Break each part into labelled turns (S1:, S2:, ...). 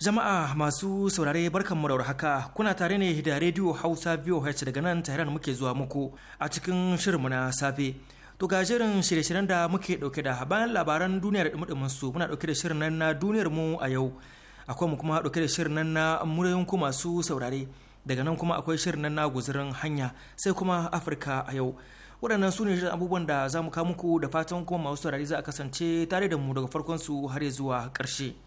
S1: Jama'a masu saurare barkan murar haka kuna tare ne da rediyo Hausa VOH daga nan Tehran muke zuwa muku a cikin shirinmu na safe. To ga shirin shirye-shiryen da muke dauke da bayan labaran duniyar dumudumin su muna dauke da shirin nan na duniyar mu a yau. Akwai mu kuma dauke da shirin nan na murayen ku masu saurare. Daga nan kuma akwai shirin nan na guzurin hanya sai kuma Afirka a yau. Waɗannan su ne abubuwan da za mu kawo muku da fatan kuma masu saurare za a kasance tare da mu daga farkon su har zuwa ƙarshe.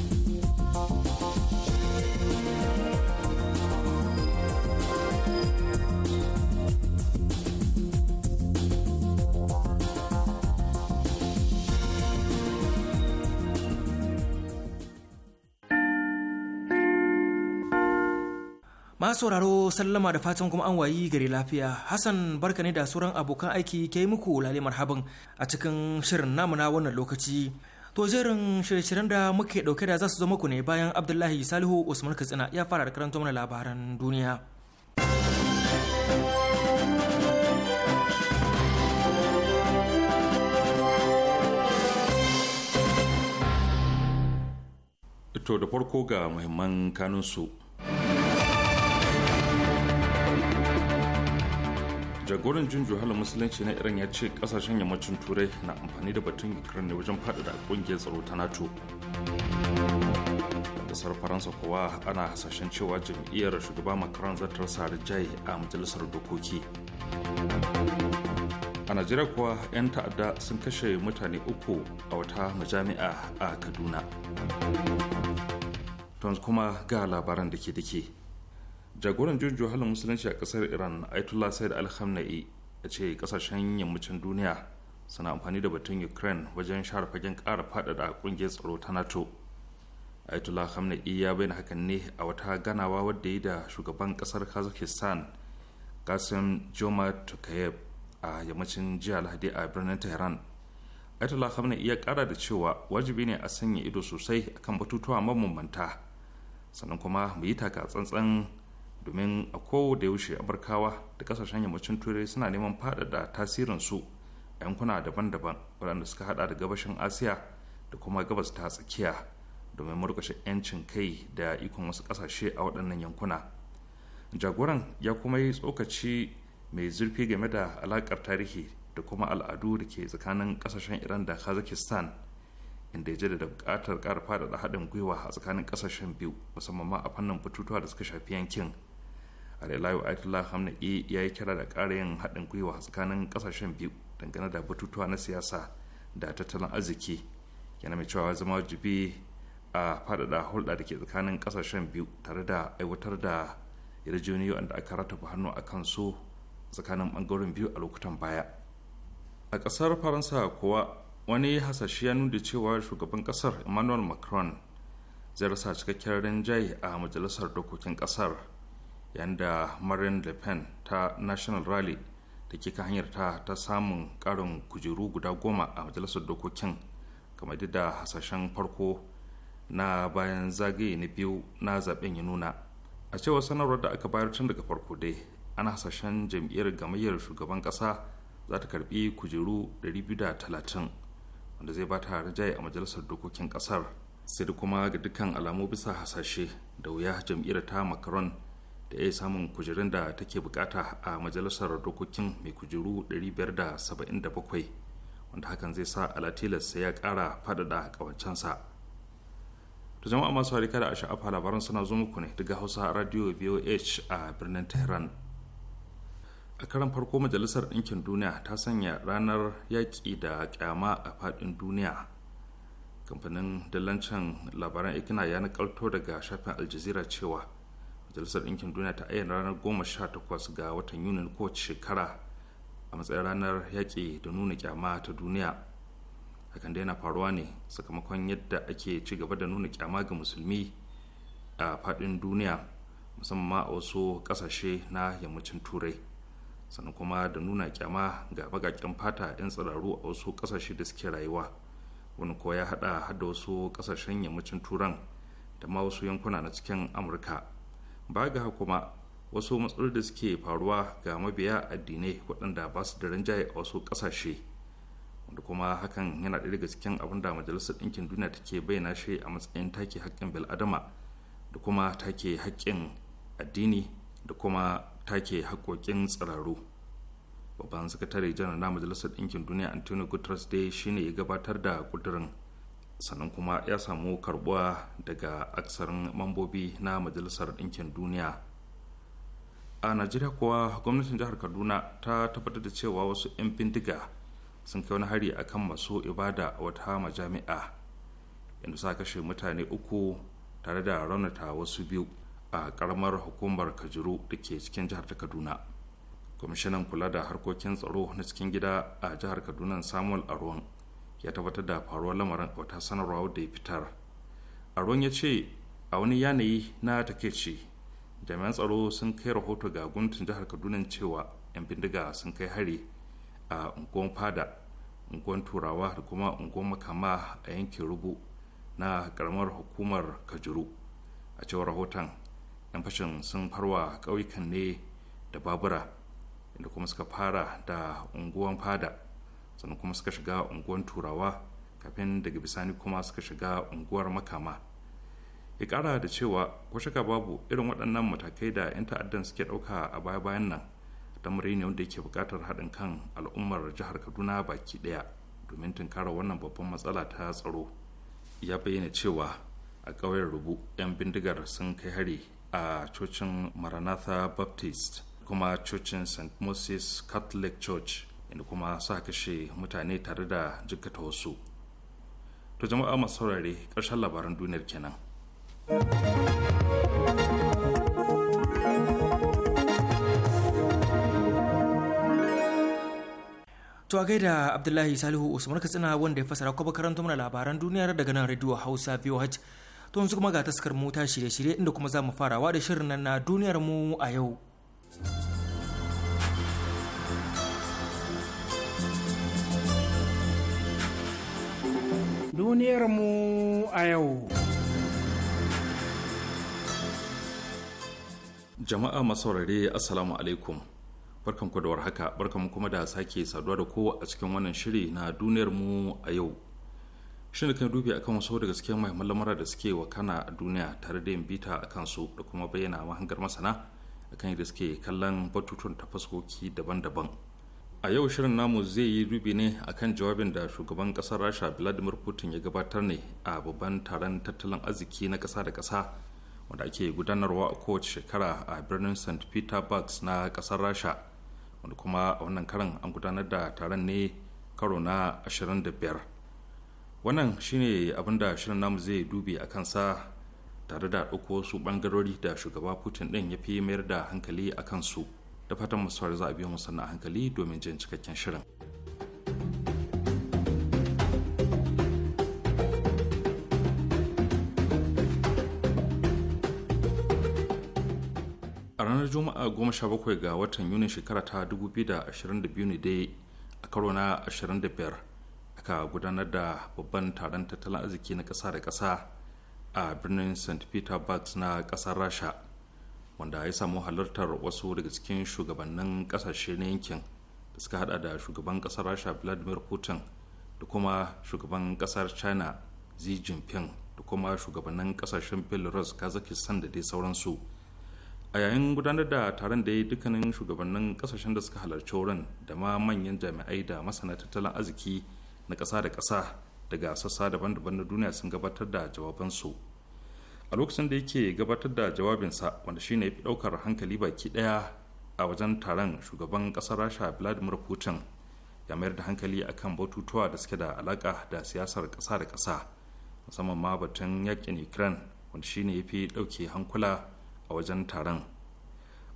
S1: masu sauraro sallama da fatan kuma an wayi gari lafiya hassan barka ne da sauran abokan aiki ke muku lale marhaban a cikin shirin namuna wannan lokaci to jerin shirye-shiryen da muke dauke da za su zo muku ne bayan abdullahi salihu usman katsina ya fara da karanta mana labaran duniya
S2: To da farko ga muhimman kanunsu jagoran jin juhalar musulunci na iran ya ce kasashen yammacin turai na amfani da batun ukraine ne wajen faɗaɗa ƙungiyar tsaro ta nato kasar faransa kowa ana hasashen cewa jam'iyyar shugaba macron za ta rasa rijai a majalisar dokoki a najeriya kuwa 'yan ta'adda sun kashe mutane uku a wata majami'a a kaduna kuma ga labaran da ke dake jagoran jirgin halin musulunci a kasar iran ayatollah said al ya ce kasashen yammacin duniya suna amfani da batun ukraine wajen share fagen kara faɗaɗa ƙungiyar tsaro ta nato Aitula khamenei ya bayyana hakan ne a wata ganawa wadda yi da shugaban kasar kazakhstan kasim joma a yammacin jiya lahadi a birnin tehran Aitula khamenei ya kara da cewa wajibi ne a sanya ido sosai akan batutuwa mabambanta sannan kuma mu yi taka tsantsan domin a koda yaushe barkawa da kasashen yammacin turai suna neman faɗaɗa tasirinsu a yankuna daban-daban waɗanda suka hada da gabashin asiya da kuma gabas ta tsakiya domin murkushe 'yancin kai da ikon wasu kasashe a waɗannan yankuna jagoran ya kuma yi tsokaci mai zurfi game da alaƙar tarihi da kuma al'adu da ke tsakanin ƙasashen iran da kazakistan inda ya da buƙatar ƙara faɗaɗa haɗin gwiwa a tsakanin ƙasashen biyu musamman ma a fannin batutuwa da suka shafi yankin Arelayu Hamna Hamna'i ya yi kira da ƙara yin haɗin gwiwa tsakanin ƙasashen biyu dangane da batutuwa na siyasa da tattalin arziki yana mai cewa zama wajibi a faɗaɗa hulɗa da ke tsakanin ƙasashen biyu tare da aiwatar da yarjejeniyoyin da aka rataba hannu a kan su tsakanin ɓangaren biyu a lokutan baya a ƙasar faransa kuwa wani hasashe ya nuna cewa shugaban ƙasar emmanuel macron zai rasa cikakken rinjaye a majalisar dokokin ƙasar yanda marin le pen ta national rally da ke kan hanyar ta ta samun karin kujeru guda goma a majalisar dokokin kamar da hasashen farko na bayan zagaye na biyu na zaben ya nuna a cewar sanarwar da aka bayar tun daga farko dai ana hasashen jam'iyyar gamayyar shugaban kasa za ta karbi kujeru 230 wanda zai bata rajaye a majalisar dokokin kasar sai da kuma ga dukkan alamu bisa hasashe da wuya jam'iyyar ta macron da ya samun kujerun da take bukata a majalisar dokokin mai kujeru 577 wanda hakan zai sa alatilas ya kara faɗaɗa ƙawancensa da jama'a masu harika da sha'afa labaran suna zo muku ne daga hausa radio voh a birnin tehran a karan farko majalisar ɗinkin duniya ta sanya ranar yaƙi da ƙyama a faɗin duniya kamfanin dillancin labaran ikina ya nakalto daga shafin aljazira cewa jalisar ɗinkin duniya ta ayyana ranar 18 ga watan yunin kowace shekara a matsayin ranar yaƙi da nuna kyama ta duniya hakan dai yana faruwa ne sakamakon yadda ake ci gaba da nuna kyama ga musulmi a faɗin duniya musamman ma a wasu ƙasashe na yammacin turai sannan kuma da nuna kyama ga baƙaƙen fata 'yan tsiraru a wasu ƙasashe da suke rayuwa wani ko ya haɗa hada wasu ƙasashen yammacin turan da ma wasu yankuna na cikin amurka ba ga kuma wasu matsalolin da suke faruwa ga mabiya addinai waɗanda ba su da rinjaye a wasu ƙasashe wanda kuma hakan yana ɗaya daga cikin abin da majalisar ɗinkin duniya take bayyana shi a matsayin take haƙƙin bil'adama da kuma take haƙƙin addini da kuma take haƙƙoƙin tsiraru babban sakatare janar na majalisar ɗinkin duniya antonio guterres dai shine ya gabatar da ƙudurin sannan kuma ya samu karbuwa daga aksarin mambobi na majalisar ɗinkin duniya a najeriya kuwa gwamnatin jihar kaduna ta tabbatar da cewa wasu 'yan bindiga sun kai wani hari a kan masu ibada a wata majami'a inda sa kashe mutane uku tare da raunata wasu biyu a karamar hukumar kajiru da ke cikin jihar ta kaduna kwamishinan kula da harkokin tsaro na cikin gida a jihar kaduna samuel aruwan ya tabbatar da faruwar lamarin a wata sanarwa da ya fitar aron ya ce a wani yanayi na takeici jami'an tsaro sun kai rahoto ga gwamnatin jihar kaduna cewa 'yan bindiga sun kai hari a unguwan fada unguwan turawa da kuma unguwan makama a yankin rubu na karamar hukumar kajuru a cewar rahoton 'yan fashin sun farwa ƙauyukan ne da babura inda kuma suka fara da unguwan fada sannan kuma suka shiga unguwar turawa kafin daga bisani kuma suka shiga unguwar makama ya kara da cewa ko shaka babu irin waɗannan matakai da 'yan ta'addan suke ɗauka a baya-bayan nan lamari ne wanda yake buƙatar haɗin kan al'ummar jihar kaduna baki ɗaya domin tunkara wannan babban matsala ta tsaro ya bayyana cewa a ƙauyen rubu 'yan bindigar sun kai hari a cocin maranatha baptist kuma cocin st moses catholic church inda kuma sa kashe mutane tare da jikata wasu to jama'a masu saurare ƙarshen labaran duniyar kenan
S1: To a gaida Abdullahi Salihu Usman Katsina wanda ya fasara kwaba karanta mana labaran duniyar daga nan Radio Hausa VOH. To yanzu kuma ga taskar mu ta shirye-shirye inda kuma za mu farawa da shirin nan na duniyar mu a yau.
S3: mu a yau.
S2: Jama'a masaurare Assalamu alaikum. Barkan ku da warhaka, barkanku kuma da sake saduwa da kowa a cikin wannan shiri na duniyar mu a yau. Shin da kan dubi akan wasu daga cikin muhimman lamura da suke wa kana a duniya tare da yin bita a kansu da kuma bayyana mahangar masana akan yadda suke kallon batutun tafaskoki daban-daban. a yau shirin namu zai yi dubi ne akan jawabin da shugaban kasar rasha vladimir putin ya gabatar ne a babban taron tattalin arziki na kasa da kasa wanda ake gudanarwa a kowace shekara a birnin st petersburg na kasar rasha wanda kuma a wannan karan an gudanar da taron ne karo na 25 wannan shine abin da shirin namu zai dubi a kansa tare da ɗauko wasu bangarori da shugaba putin ɗin ya fi mayar da hankali a kansu. su da fatan masu za a biyo mu sannan hankali domin jin cikakken shirin a ranar juma'a goma sha bakwai ga watan yuni shekara ta 2022 ne dai a karo na 25 aka gudanar da babban taron tattalin arziki na ƙasa da ƙasa a birnin st petersburg na ƙasar rasha wanda ya samu halartar wasu daga cikin shugabannin kasashe na yankin da suka hada da shugaban kasar rasha vladimir putin da kuma shugaban kasar china xi jinping da kuma shugabannin kasashen belarus kazakhstan da dai sauransu a yayin gudanar da taron da ya dukkanin shugabannin kasashen da suka halarci wurin da ma manyan jami'ai da masana tattalin arziki na ƙasa da ƙasa daga sassa daban-daban na duniya sun gabatar da jawabansu a lokacin da yake gabatar da jawabinsa wanda shine ya fi ɗaukar hankali baki ɗaya a wajen taron shugaban ƙasar rasha vladimir putin ya mayar da hankali akan batutuwa da suke da alaka da siyasar kasa da kasa musamman ma batun yakin ukraine wanda shine ya fi ɗauke hankula a wajen taron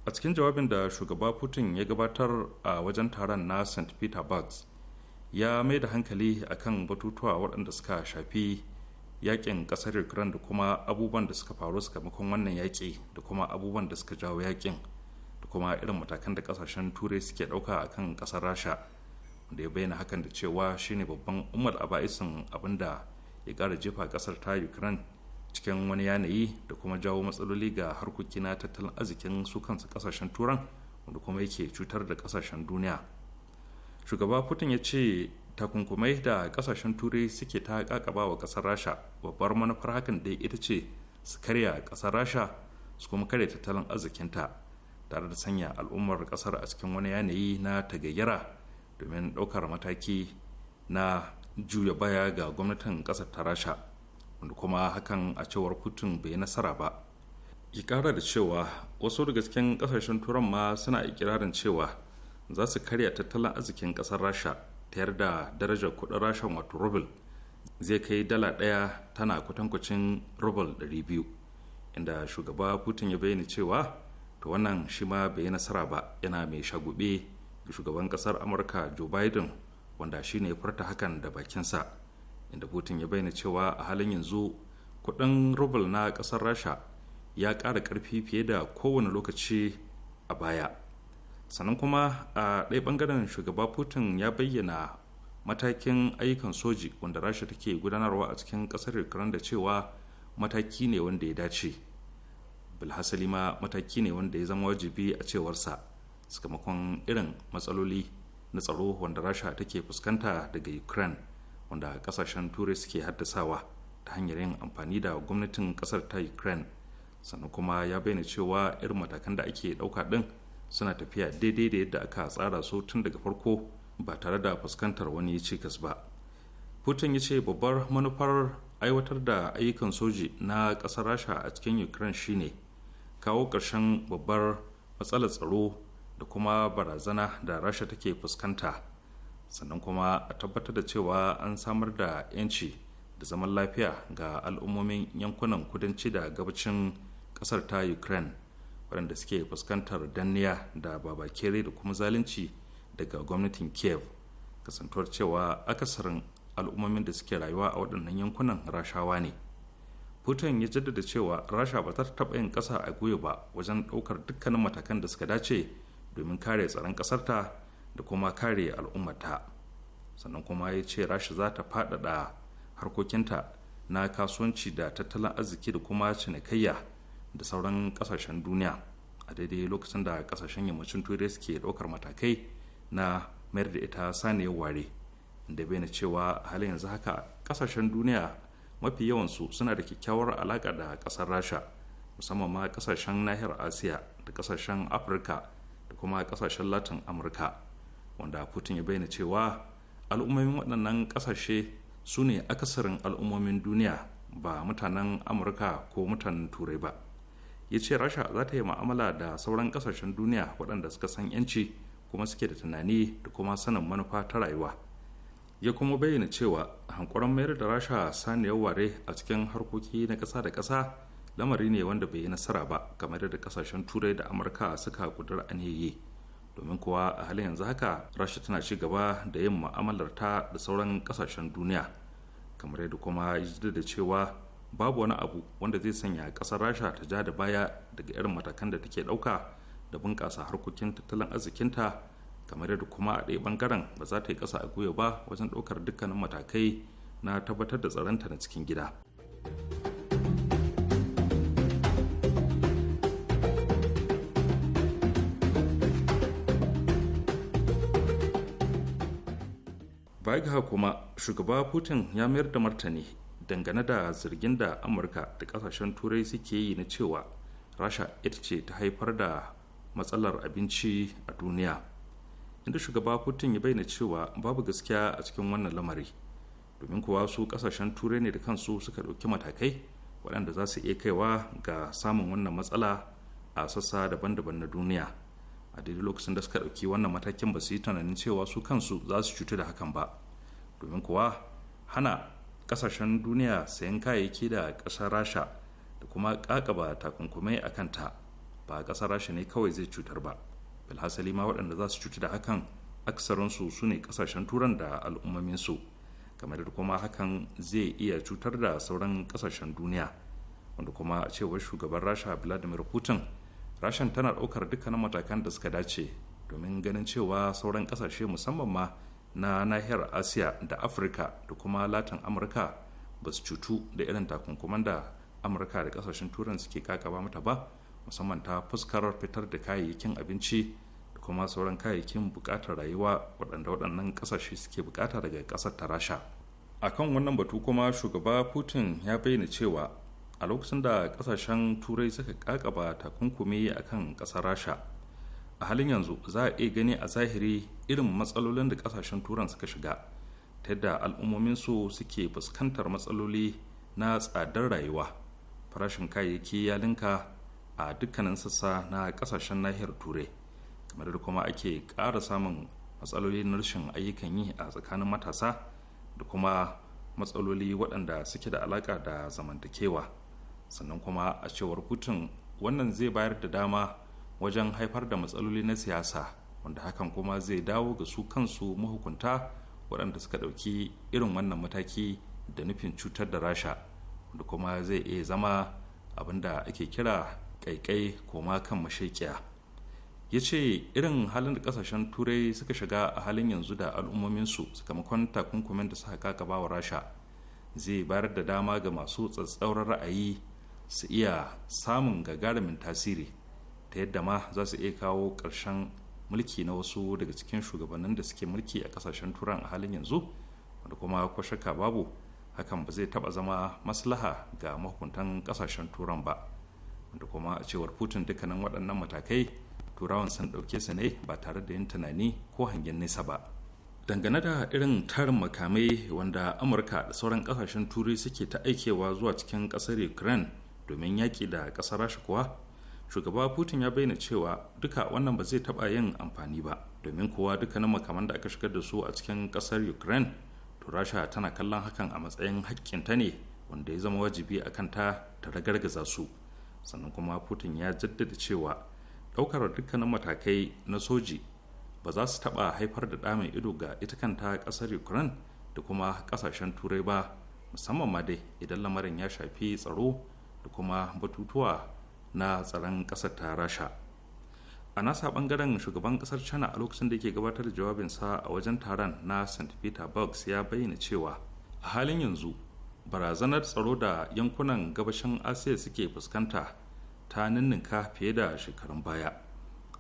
S2: a cikin jawabin da shugaba putin ya gabatar a wajen taron na st petersburg ya mai da hankali akan batutuwa waɗanda suka shafi yakin kasar ukraine da kuma abubuwan da suka faru sakamakon wannan yaƙi da kuma abubuwan da suka jawo yakin da kuma irin matakan da kasashen turai suke ɗauka a kan ƙasar rasha da ya bayyana hakan da cewa shine babban umar a ba'isin abin da ya ƙara jefa kasar ta ukraine cikin wani yanayi da kuma jawo matsaloli ga harkoki na tattalin arzikin su kansu ƙasashen turan da kuma yake cutar da kasashen duniya shugaba putin ya ce takunkumai da kasashen turai suke ta kakaba wa kasar rasha babbar manufar hakan dai ita ce su karya kasar rasha su kuma karya tattalin arzikinta tare da sanya al'ummar kasar a cikin wani yanayi na tagayyara domin ɗaukar mataki na juya baya ga gwamnatin kasar ta rasha wanda kuma hakan a cewar kutun bai nasara ba ki kara da cewa wasu daga cikin kasashen turan ma suna ikirarin cewa za su karya tattalin arzikin kasar rasha tayar da darajar kudin rashin wato rubel zai kai dala ɗaya tana kwatankwacin rubel 200 inda shugaba putin ya bayyana cewa to wannan shi ma bai yi nasara ba yana mai shagube ga shugaban kasar amurka joe biden wanda shi ne furta hakan da bakinsa inda putin ya bayyana cewa a halin yanzu kudin rubel na kasar rasha ya ƙara karfi fiye da kowane lokaci a baya sannan kuma a ɗaya ɓangaren shugaba putin ya bayyana matakin ayyukan soji wanda rasha take gudanarwa a cikin ƙasar ukraine da cewa mataki ne wanda ya dace bilhassali ma mataki ne wanda ya zama wajibi a cewarsa sakamakon irin matsaloli na tsaro wanda rasha take fuskanta daga ukraine wanda kasashen turai suke haddasawa ta hanyar yin amfani da gwamnatin ƙasar ta ukraine sannan kuma ya bayyana cewa irin matakan da ake ɗauka ɗin suna tafiya daidai da yadda aka tsara su tun daga farko ba tare da fuskantar wani cikas ba putin ya ce babbar manufar aiwatar da ayyukan soji na ƙasar rasha a cikin ukraine shine kawo ƙarshen babbar matsalar tsaro da kuma barazana da rasha take fuskanta sannan kuma a tabbatar da cewa an samar da 'yanci da zaman lafiya ga al'ummomin yankunan kudanci da gabacin ƙasar ta ukraine waɗanda suke fuskantar danniya da babakere da kuma zalunci daga gwamnatin kiev kasantuwar cewa akasarin al'ummomin da suke rayuwa a waɗannan yankunan rashawa ne putin ya jaddada cewa rasha ba ta taɓa yin ƙasa a gwiwa ba wajen ɗaukar dukkanin matakan da suka dace domin kare tsaron ƙasarta da kuma kare al'ummata sannan kuma ya ce rasha za ta faɗaɗa harkokinta na kasuwanci da tattalin arziki da kuma cinikayya da sauran kasashen duniya a daidai lokacin da kasashen yammacin turai suke ɗaukar matakai na mayar da ita saniyar ware da bayyana cewa halin yanzu haka kasashen duniya mafi yawansu suna da kyakkyawar alaƙa da ƙasar rasha musamman ma kasashen nahiyar asiya da kasashen afirka da kuma kasashen latin amurka wanda putin ya bayyana cewa al'ummomin waɗannan ƙasashe su ne akasarin al'ummomin duniya ba mutanen amurka ko mutanen turai ba ya ce rasha za ta yi ma'amala da sauran kasashen duniya waɗanda suka san yanci kuma suke da tunani da kuma sanin manufa ta rayuwa ya kuma bayyana cewa hankuran mayar da rasha saniyar ware a cikin harkoki na ƙasa da ƙasa lamari ne wanda bai yi nasara ba kamar yadda kasashen turai da amurka suka kudur aniyayi domin kuwa a halin yanzu haka rasha tana ci gaba da yin ma'amalar ta da sauran kasashen duniya kamar yadda kuma ya da cewa babu wani abu wanda zai sanya kasar rasha ta ja da baya daga irin matakan da take dauka da bunƙasa harkokin tattalin arzikinta kamar yadda kuma a ɗaya bangaren ba za ta yi ƙasa a gwiwa ba wajen ɗaukar dukkanin matakai na tabbatar da tsaronta na cikin gida. baya ga kuma shugaba putin ya mayar da martani dangane da zargin da amurka da kasashen turai suke yi na cewa rasha ita ce ta haifar da matsalar abinci a duniya inda shugaba putin ya bayyana cewa babu gaskiya a cikin wannan lamari domin kuwa su kasashen turai ne da kansu suka ɗauki matakai waɗanda za su iya kaiwa ga samun wannan matsala a sassa daban-daban na duniya a daidai lokacin da suka ɗauki wannan matakin ba su yi tunanin cewa su kansu za su cutu da hakan ba domin kuwa hana kasashen duniya sayan kayayyaki da ƙasar rasha da kuma kakaba takunkumai a kanta ba ƙasar rasha ne kawai zai cutar ba bilhassali ma waɗanda za su cuta da hakan aksarinsu su ne kasashen turan da al'ummaminsu kamar da kuma hakan zai iya cutar da sauran kasashen duniya wanda kuma a cewar shugaban rasha vladimir putin rashan tana ɗaukar dukkanin matakan da suka dace domin ganin cewa sauran ƙasashe musamman ma na nahiyar asiya da afirka da kuma latin amurka ba su cutu da irin takunkuman da amurka da kasashen turai suke kakaba mata ba musamman ta fuskar fitar da kayayyakin abinci da kuma sauran kayayyakin bukatar rayuwa waɗanda waɗannan kasashe suke bukata daga ƙasar ta rasha a kan wannan batu kuma shugaba putin ya bayyana cewa a lokacin da kasashen turai suka kakaba takunkumi a kan ƙasar rasha a halin yanzu za a iya gani a zahiri irin matsalolin da kasashen turan suka shiga ta yadda su suke fuskantar matsaloli na tsadar rayuwa farashin kayayyaki ya linka a dukkanin sassa na kasashen nahiyar turai kamar da kuma ake ƙara samun matsaloli na rashin ayyukan yi a tsakanin matasa da kuma matsaloli waɗanda suke da alaƙa da zamantakewa sannan kuma a cewar hutun wannan zai bayar da dama wajen haifar da matsaloli na siyasa wanda hakan kuma zai dawo ga su kansu mahukunta waɗanda suka ɗauki irin wannan mataki da nufin cutar da rasha wanda kuma zai iya zama abin da ake kira ƙaiƙai koma kan mashaƙiya ya ce irin halin da ƙasashen turai suka shiga a halin yanzu da al'ummominsu sakamakon takunkumin da suka kaka wa rasha zai bayar da dama ga masu tsatsauran ra'ayi su iya samun gagarumin tasiri ta yadda ma za su iya kawo ƙarshen mulki na wasu daga cikin shugabannin da suke mulki a kasashen turan a halin yanzu wanda kuma ko shakka babu hakan ba zai taba zama maslaha ga mahukuntan kasashen turan ba wanda kuma a cewar putin dukkanin waɗannan matakai turawan sun ɗauke su ne ba tare da yin tunani ko hangen nesa ba dangane da irin tarin makamai wanda amurka da sauran kasashen turai suke ta aikewa zuwa cikin ƙasar ukraine domin yaƙi da ƙasar rasha kuwa shugaba putin ya bayyana cewa duka wannan ba zai taba yin amfani ba domin kowa dukkanin makaman da aka shigar da su a cikin kasar ukraine to rasha tana kallon hakan a matsayin ta ne wanda ya zama wajibi a kanta ta ragargaza su sannan kuma putin ya jaddada cewa ɗaukar dukkanin matakai na soji ba za su taɓa haifar da ɗamin ido ga ita kanta ƙasar ukraine da kuma ƙasashen turai ba musamman ma dai idan lamarin ya shafi tsaro da kuma batutuwa na tsaron ƙasar ta rasha a nasa bangaren shugaban kasar china a lokacin da ke gabatar da jawabinsa a wajen taron na st peterburg ya bayyana cewa a halin yanzu barazanar tsaro da yankunan gabashin asiya suke fuskanta ta ninninka fiye da shekarun baya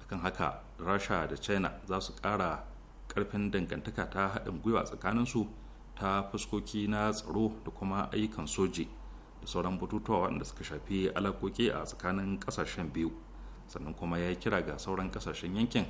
S2: akan haka rasha da china za su ƙara ƙarfin dangantaka ta haɗin gwiwa tsakaninsu ta fuskoki na tsaro da kuma ayyukan soji. sauran bututuwa waɗanda suka shafi alakoki a tsakanin ƙasashen biyu sannan kuma ya yi kira ga sauran ƙasashen yankin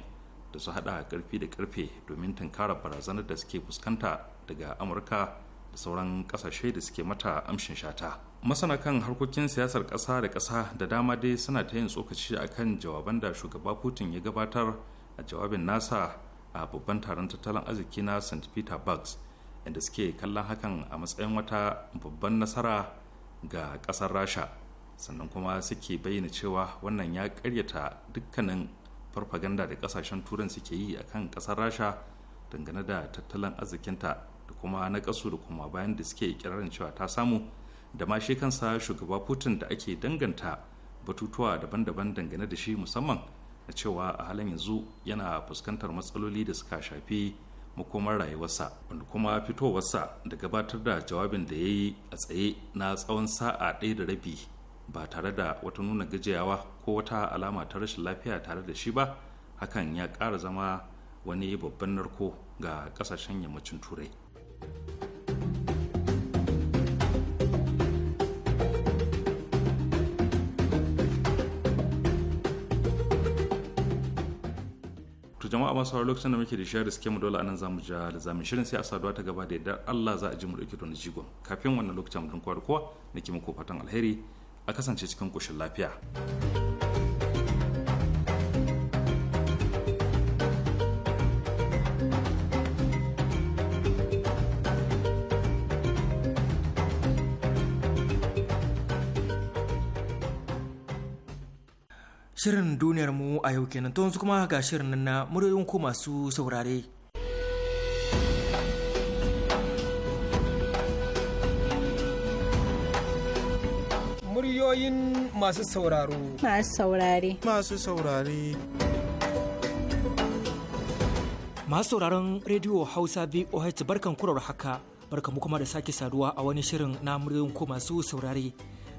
S2: da su haɗa ƙarfi da ƙarfe domin tunkara barazanar da suke fuskanta daga amurka da sauran ƙasashe da suke mata amshin shata masana kan harkokin siyasar ƙasa da ƙasa da dama dai suna ta yin tsokaci akan jawaban da shugaba putin ya gabatar a jawabin nasa a babban taron tattalin arziki na st peter bugs inda suke kallon hakan a matsayin wata babban nasara ga ƙasar rasha sannan kuma suke bayyana cewa wannan ya karyata dukkanin farfaganda da ƙasashen turan suke yi akan ƙasar rasha dangane da tattalin arzikinta da kuma na ƙasu da kuma bayan da suke kirarin cewa ta samu da ma shi kansa shugaba putin da ake danganta batutuwa daban-daban dangane da shi musamman na cewa a halin yanzu yana fuskantar matsaloli da suka shafi makomar rayuwarsa wanda kuma fitowarsa da gabatar da jawabin da ya yi a tsaye na tsawon sa'a ɗaya da rabi ba tare da wata nuna gajiyawa ko wata alama ta rashin lafiya tare da shi ba hakan ya ƙara zama wani babban narko ga ƙasashen yammacin turai masu sauraro lokacin da muke da shi suke mu dole anan zamu ja da zamu shirin sai a saduwa ta gaba da yadda Allah za a ji mu dauke da jigon kafin wannan lokacin mu dinkuwa kowa nake muku fatan alheri a kasance cikin koshin lafiya.
S1: Shirin duniyar mu a yau kenan to yanzu kuma ga shirin nan na muryoyin ku masu saurare. Muryoyin masu sauraro.
S4: Masu saurare. Masu saurare.
S1: Masu sauraron rediyo Hausa VOH barkan kurar haka barkan mu kuma da sake saduwa a wani shirin na muryoyin ku masu saurare.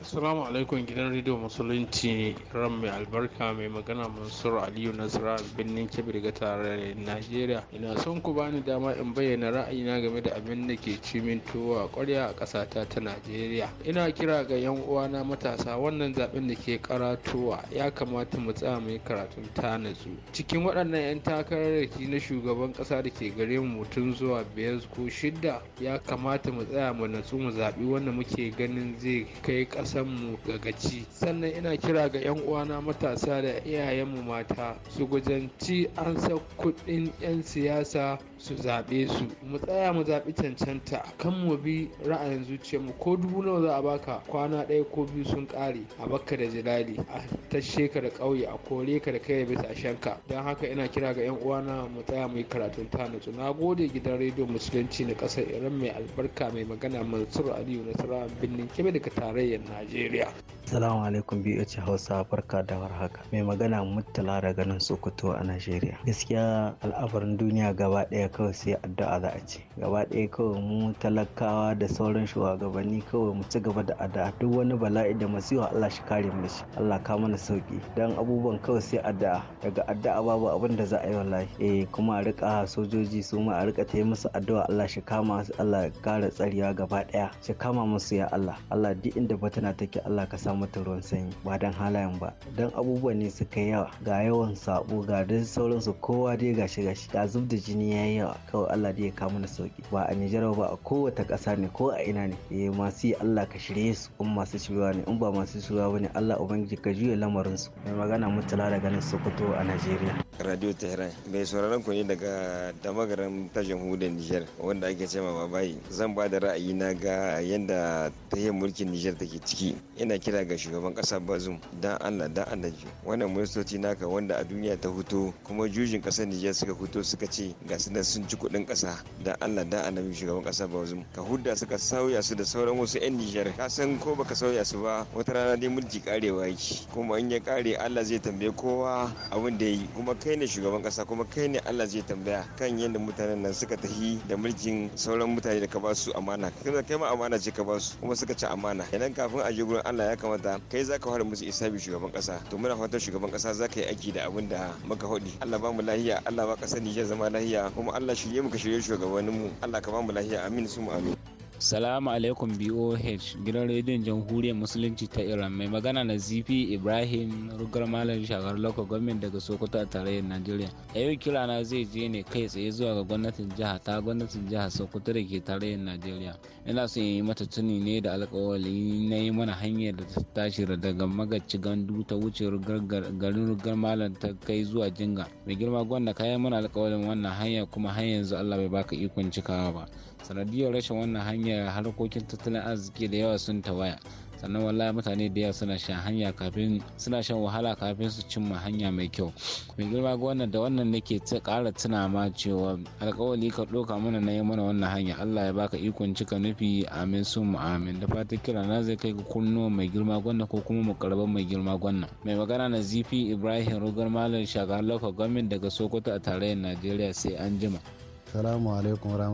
S3: Assalamu alaikum gidan rediyo musulunci ran mai albarka mai magana Mansur Aliyu Nasra birnin Kebbi ga tarayyar Najeriya. Ina son ku bani dama in bayyana ra'ayina game da abin da ke cimintowa a ƙwarya a ƙasata ta Najeriya. Ina kira ga 'yan uwana matasa wannan zaɓen da ke karatuwa ya kamata mu tsaya mai karatun ta natsu. Cikin waɗannan 'yan takararraki na shugaban ƙasa da ke gare mu mutum zuwa biyar ko shidda ya kamata mu tsaya mu natsu mu zaɓi wanda muke ganin zai kai ƙasa mu ga gaci sannan ina kira ga 'yan uwana matasa da iyayen mu mata su gujanci an sa kuɗin 'yan siyasa su zaɓe su mu tsaya mu zaɓi cancanta kan mu bi ra'ayin mu ko dubu nawa za a baka kwana ɗaya ko biyu sun ƙare a bakka da jilali a tashe ka da ƙauye a kore ka da kai bisa shanka don haka ina kira ga 'yan uwana mu tsaya mu yi karatun ta nutsu na gode gidan rediyo musulunci na ƙasar iran mai albarka mai magana mansur aliyu nasara birnin kebe daga tarayyar na Najeriya.
S5: Salamu alaikum BH Hausa farka da warhaka. Mai magana Murtala daga ganin Sokoto a Najeriya. Gaskiya al'abarin duniya gaba ɗaya kawai sai addu'a za a ce. Gaba ɗaya kawai mu talakawa da sauran shugabanni kawai mu ci gaba da addu'a duk wani bala'i da masiwa Allah shi kare mu shi. Allah ka mana sauki. Dan abubuwan kawai sai addu'a. Daga addu'a babu abin da za a yi wallahi. Eh kuma a rika sojoji su ma a rika tayi musu addu'a Allah shi kama su Allah kare tsariya gaba ɗaya. Shi kama musu ya Allah. Allah duk inda bata na ana take Allah ka sa mata ruwan sanyi ba dan halayen ba dan abubuwan ne suka yawa ga yawan sabo ga dai sauransu kowa dai gashi gashi ga zub da jini ya yi yawa kawai Allah dai ya kawo mana sauki ba a Nijar ba a kowace ƙasa ne ko a ina ne eh masu yi Allah ka shirye su in masu shirya ne in ba masu ba ne Allah ubangiji ka juya lamarin su mai magana mutala daga nan Sokoto a Najeriya
S6: Radio Tehran mai sauraron ku ne daga damagaran ta jamhuriyar Nijar wanda ake cewa babayi zan ba da ra'ayi na ga yanda ta yi mulkin Nijar take ciki ina kira ga shugaban kasa bazum dan allah dan ji wannan ministoci naka wanda a duniya ta huto kuma jujin kasar nijar suka huto suka ce ga su sun ci kuɗin kasa dan allah dan annabi shugaban kasa bazum ka hudda suka sauya su da sauran wasu yan nijar ka san ko baka sauya su ba wata rana dai mulki karewa yake kuma in ya kare allah zai tambaye kowa abin da yi kuma kai ne shugaban kasa kuma kai ne allah zai tambaya kan yadda mutanen nan suka tahi da mulkin sauran mutane da ka ba su amana kai ma amana ce ka ba su kuma suka ci amana idan kafin kafin a gurin Allah ya kamata kai za ka fara musu isabi shugaban kasa to muna fatan shugaban kasa zaka yi aiki da abin da muka hodi Allah ba mu lahiya Allah ba kasa Nijar zama lahiya kuma Allah shirye mu ka shirye shugabanninmu Allah ka ba mu lahiya amin su mu amin
S4: Salamu alaikum BOH gidan rediyon jamhuriyar musulunci ta Iran mai magana na ZP Ibrahim rugar malam shagar local gwamnan daga Sokoto a tarayyar Najeriya. A yau kira na zai je ne kai tsaye zuwa ga gwamnatin jiha ta gwamnatin jiha Sokoto da ke tarayyar Najeriya. Ina son yi mata tuni ne da alkawali na yi mana hanyar da ta tashi daga magaci gandu ta wuce garin rugar malam ta kai zuwa jinga. Mai girma gwamna kayan mana alkawalin wannan hanya kuma har yanzu Allah bai baka ikon cikawa ba. sanadiyar rashin wannan hanyar harkokin tattalin arziki da yawa sun tawaya sannan wallahi mutane da yawa suna shan hanya kafin suna shan wahala kafin su cimma hanya mai kyau mai girma ga wannan da wannan nake ta ƙara tuna ma cewa alƙawali ka ɗauka mana na yi mana wannan hanya Allah ya baka ikon cika nufi amin su mu amin da fata kira na zai kai ga kunno mai girma gwanna ko kuma mu karɓar mai girma gwanna mai magana na zifi ibrahim rugar malam shagalar gwamnati daga sokoto a tarayyar najeriya sai an jima. salamu alaikum wa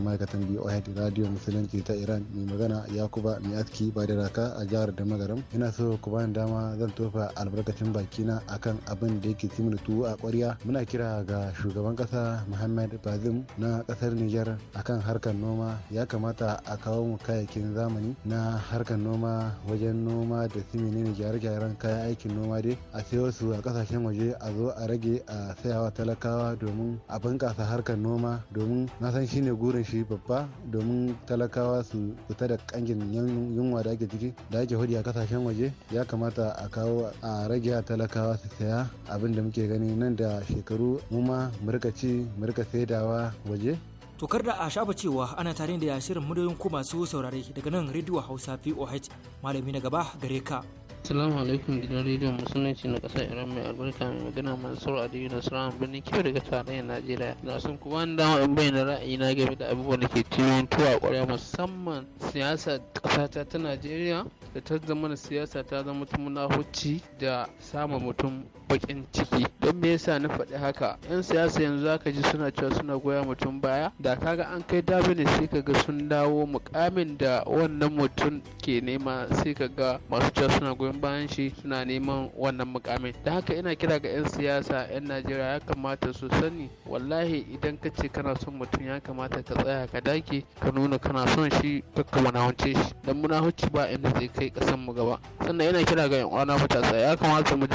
S7: ma'aikatan BOH radio musulunci ta Iran mai magana Yakuba mai aski ba da raka a jihar da magaram ina so ku bani dama zan tofa albarkacin bakina a kan abin da yake cimin tuwo a kwarya muna kira ga shugaban ƙasa Muhammad Bazim na ƙasar Niger akan harkar noma ya kamata a kawo mu kayakin zamani na harkar noma wajen noma da simini ne gyare-gyaren kayan aikin noma dai a sayo su a ƙasashen waje a zo a rage a sayawa talakawa domin a bunkasa harkar noma domin na san shine gurin shi babba domin talakawa su fita da kangin yunwa da ake ciki da ake hudu a kasashen waje ya kamata a kawo a rage talakawa su saya abin da muke gani nan da shekaru mu ma murka ci waje
S1: tokar da a shafa cewa ana tare da shirin muryoyin ku masu saurare daga nan rediyo Hausa VOH malami
S3: na gaba gare ka. Assalamu alaikum gidan rediyon musulunci na ƙasar Iran mai albarka mai magana Mansur Aliyu na Sura birnin kyau daga tarayyar Najeriya. Na sun kuma wani dama in bayyana ra'ayi na game da abubuwan da ke ciwon tuwa ƙwarya musamman siyasar ƙasata ta Najeriya da ta zama da siyasa ta zama ta munafuci da samun mutum bakin ciki don me yasa na faɗi haka yan siyasa yanzu za ka ji suna cewa suna goya mutum baya da kaga an kai dabi ne sai kaga sun dawo mukamin da wannan mutum ke nema sai ga masu cewa suna goya. goyon bayan shi suna neman wannan mukamin da haka ina kira ga 'yan siyasa 'yan najeriya ya kamata su sani wallahi idan ka ce kana son mutum ya kamata ka tsaya ka dake ka nuna kana son shi ka munahunce shi dan munahuci ba inda zai kai kasan mu gaba sannan ina kira ga 'yan uwana matasa ya kamata mu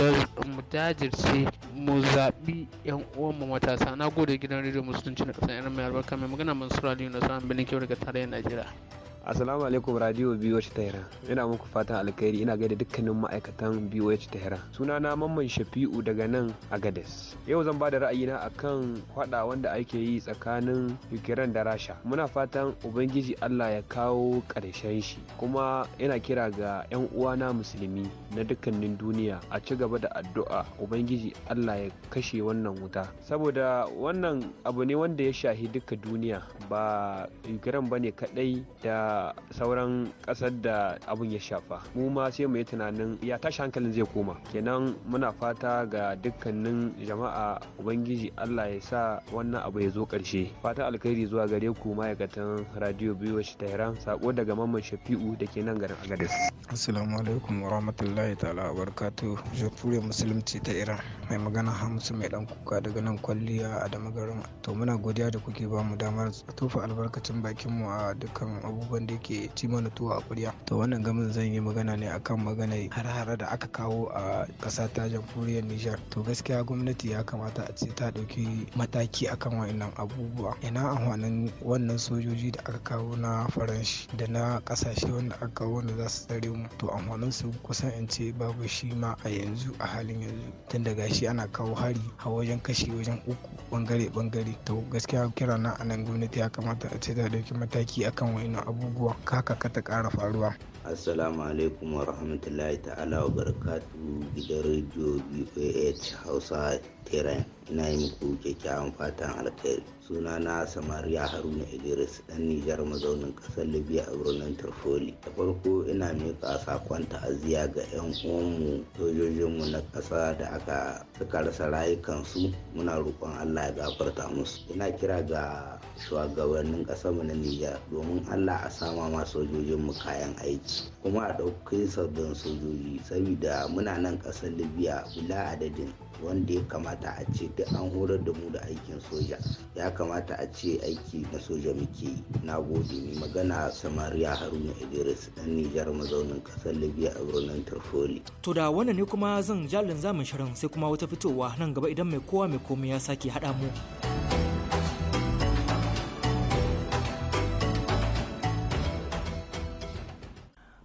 S3: jajirce mu zaɓi 'yan mu matasa na gode gidan rediyo musulunci na ƙasar 'yan mai albarka mai magana mansur aliyu na sa'an birnin kyau daga tarayyar najeriya
S8: Assalamu alaikum radio BOH Tehran. Ina muku fatan alkhairi ina gaida dukkanin ma'aikatan BOH Tehran. na Mamman Shafi'u daga nan Agades. Yau zan bada ra'ayina akan hada wanda ake yi tsakanin Ukraine da Rasha. Muna fatan Ubangiji Allah ya kawo ƙarshen shi. Kuma ina kira ga 'yan uwana musulmi na dukkanin duniya a ci gaba da addu'a Ubangiji Allah ya kashe wannan wuta. Saboda wannan abu ne wanda ya shahi duka duniya ba Ukraine bane kadai da sauran kasar da abun ya shafa mu ma sai mu yi tunanin ya tashi hankalin zai koma kenan muna fata ga dukkanin jama'a ubangiji allah ya sa wannan abu ya zo karshe fatan alkhairi zuwa gare ku ma'aikatan radio biyu tehran sako daga mamman shafi'u da ke nan garin agadis
S5: assalamu alaikum wa rahmatullahi ta'ala wa barakatuh musulunci ta iran mai magana hamsu mai dan kuka daga nan kwalliya a damagarin to muna godiya da kuke ba mu damar tufa albarkacin bakin mu a dukkan abubuwan da yake ci mana tuwo a ƙwarya to wannan gamin zan yi magana ne akan maganar har-hare da aka kawo a ƙasa ta jamhuriyar nijar to gaskiya gwamnati ya kamata a ce ta ɗauki mataki akan wa'annan abubuwa ina amfanin wannan sojoji da aka kawo na faranshi da na ƙasashe wanda aka kawo wanda za su tsare mu to amfanin su kusan in ce babu shi ma a yanzu a halin yanzu tun daga shi ana kawo hari a wajen kashi wajen uku bangare bangare to gaskiya kira na anan gwamnati ya kamata a ce ta ɗauki mataki akan wa'annan abubuwa abubuwa kaka ka ta ƙara faruwa. Assalamu alaikum wa rahmatullahi ta'ala wa barakatu gidan rediyo BOH Hausa Terrain. Ina yi muku kyakkyawan fatan alkhairi. Suna na Samariya Haruna Idris ɗan Nijar mazaunin ƙasar Libya a birnin tarfoli Da farko ina miƙa sakon ta'aziyya ga 'yan uwanmu sojojinmu na ƙasa da aka suka rasa rayukansu muna roƙon Allah ya gafarta musu. Ina kira ga ƙasar mu na Nijar domin Allah a sama ma sojojinmu kayan aiki kuma a ɗauki sabbin sojoji saboda muna nan ƙasar Libya bila adadin wanda ya kamata a ce duk an horar da mu da aikin soja ya kamata a ce aiki na soja muke yi na gode mai magana samariya haruna idris ɗan nijar mazaunin ƙasar libya a birnin tarfoli
S1: to da wannan ne kuma zan jalin zamin shirin sai kuma wata fitowa nan gaba idan mai kowa mai komai ya sake haɗa mu.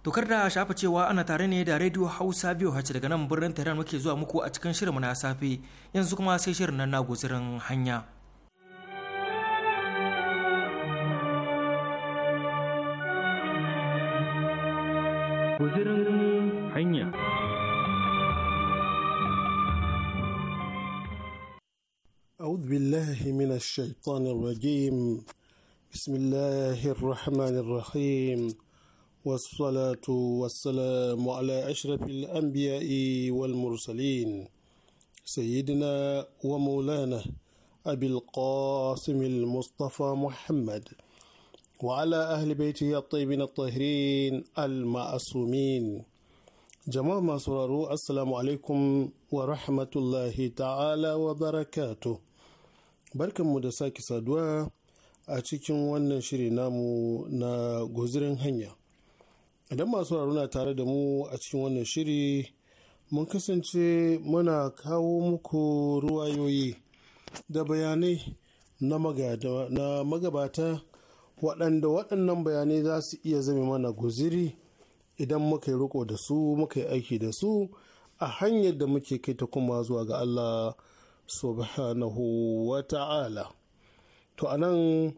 S1: Tokar da shafa cewa ana tare ne da Radio Hausa biyu hace daga nan birnin Tehran muke zuwa muku a cikin shirin na safe yanzu kuma sai shirin nan na gozirin hanya.
S7: hanya. أعوذ بالله من الشيطان الرجيم بسم الله الرحمن الرحيم والصلاة والسلام على أشرف الأنبياء والمرسلين سيدنا ومولانا أبي القاسم المصطفى محمد وعلى أهل بيته الطيبين الطاهرين المعصومين جماعة مسرور السلام عليكم ورحمة الله تعالى وبركاته بركة مدساك سادوا أتكن ونشري نامو نا غزرين هنيا idan masu na tare da mu a cikin wannan shiri mun kasance muna kawo muku ruwayoyi da bayanai na magabata waɗanda waɗannan bayanai za su iya zame mana guziri idan muka yi riko da su muka yi aiki da su a hanyar da muke kai ta kuma zuwa ga Allah subhanahu wa ta'ala to anan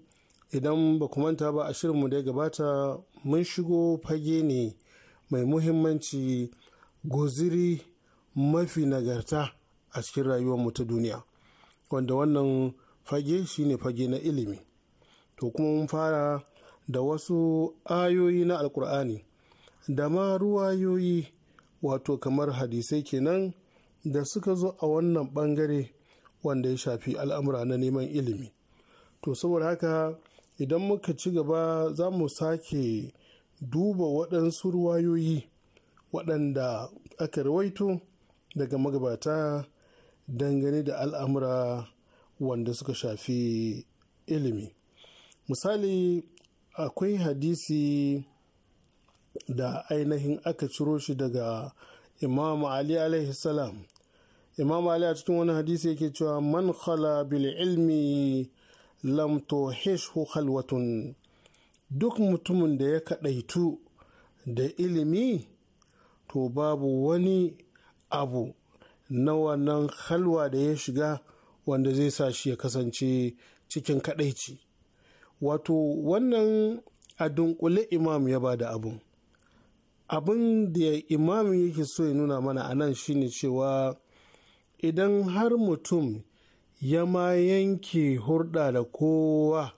S7: idan ba ku manta ba a shirinmu da ya gabata mun shigo fage ne mai muhimmanci guziri mafi nagarta a cikin rayuwarmu ta duniya wanda wannan fage shi ne fage na ilimi to kuma mun fara da wasu ayoyi na alkur'ani da ma ruwayoyi wato kamar hadisai kenan da suka zo a wannan bangare wanda ya shafi al'amura na neman ilimi to saboda haka idan muka ci gaba za mu sake duba waɗansu ruwayoyi waɗanda aka rawaito daga magabata dangane da al'amura wanda suka shafi ilimi misali akwai hadisi da ainihin aka ciro shi daga imam ali alaihi salam imam ali a cikin wani hadisi yake cewa man khala bil ilmi lam tuhishu khalwatun duk mutumin da ya kaɗaitu da ilimi to babu wani abu na wannan halwa da ya shiga wanda zai sa shi ya kasance cikin kadaici wato wannan a dunkule imam ya ba da abun abin da imam yake so ya nuna mana a nan shine cewa idan har mutum ya ma yanke hurɗa da kowa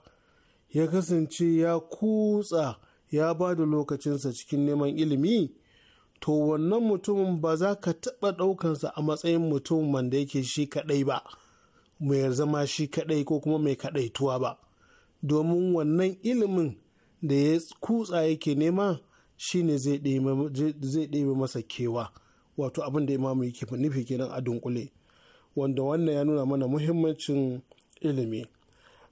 S7: ya kasance ya kutsa ya ba da lokacinsa cikin neman ilimi to wannan mutumin ba za ka taɓa ɗaukansa a matsayin mutum wanda yake shi kaɗai ba mai zama shi kaɗai ko kuma mai kaɗaituwa ba domin wannan ilimin da ya kutsa yake nema shi ne zai ɗebe masa kewa wato abin da imamu yake nufi kenan a dunkule wanda wannan ya nuna mana muhimmancin ilimi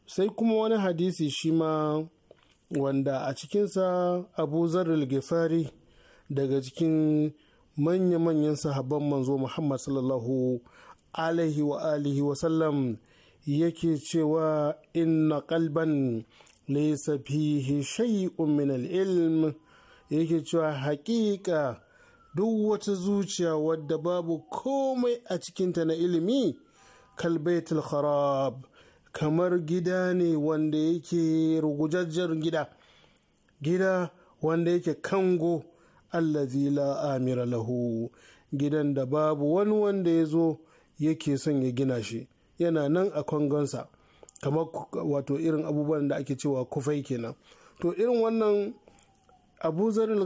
S7: sai kuma wani hadisi shi ma wanda a cikinsa abu zarar gifari daga cikin manya-manyan sahabban manzo muhammad sallallahu alaihi wa alihi wasallam yake cewa inna kalban laysa fihi shay'un min al-ilm yake cewa haƙiƙa duk wata zuciya wadda babu komai a cikinta na ilimi kalbaitul kharab kamar gida ne wanda yake rugujajjar gida gida wanda yake kango allazi la amira lahu gidan da babu wani wanda ya zo yake son ya gina shi yana nan a kwangonsa kamar wato irin abubuwan da ake cewa kufai kenan to irin wannan abu zarar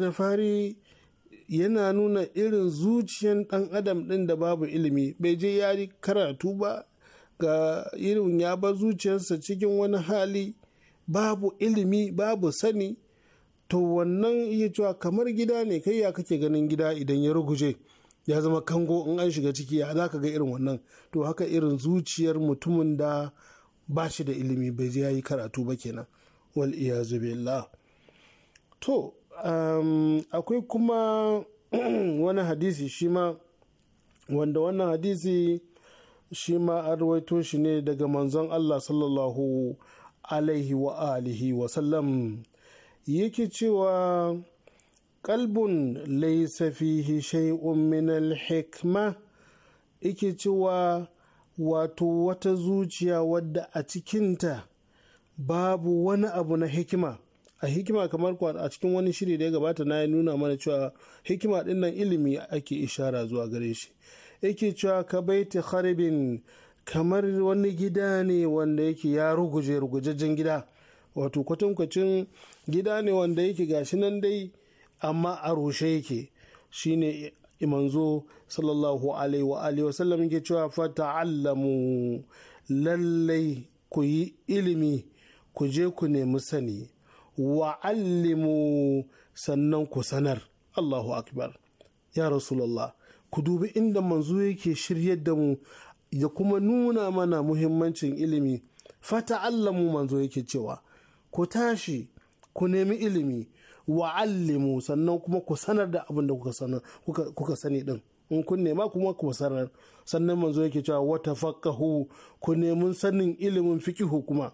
S7: yana nuna irin zuciyan ɗan adam ɗin da babu ilimi bai je ya karatu ba ga irin ya ba zuciyarsa cikin wani hali babu ilimi babu sani to wannan iya cewa kamar gida ne kai ya kake ganin gida idan ya ruguje ya zama kango in an shiga ciki ya za ka ga irin wannan to haka irin zuciyar mutumin da ba shi da ilimi bai je ya yi karatu ba kenan wal iyazu billah to akwai kuma wani hadisi shi ma wanda wannan hadisi shi ma an shi ne daga manzon Allah sallallahu alaihi wa alihi wa sallam yake cewa kalbun laisa fihi shay'un min al-hikma yake cewa wato wata zuciya wadda a cikinta babu wani abu na hikima a hikima kamar a cikin wani shiri da ya gabata na ya nuna mana cewa hikima dinnan ilimi ake ishara zuwa gare shi yake cewa ka baiti kharibin kamar wani gida ne wanda yake ya ruguje rugujajen gida wato kwatankwacin gida ne wanda yake gashi nan dai amma a rushe yake shine imanzo sallallahu alaihi wa alihi wa sallam yake cewa fata'allamu lallai ku yi ilimi ku je ku nemi sani wa allimu sannan ku sanar Allahu akbar ya rasulallah, ku dubi inda manzo yake shiryar da mu ya kuma nuna mana muhimmancin ilimi fata fata'allamu manzo yake cewa ku tashi ku nemi ilimi wa allimu sannan kuma ku sanar da abin da kuka sani din in kun nema kuma ku sanar sannan manzo yake cewa wata faqahu ku nemi sanin ilimin fikihu kuma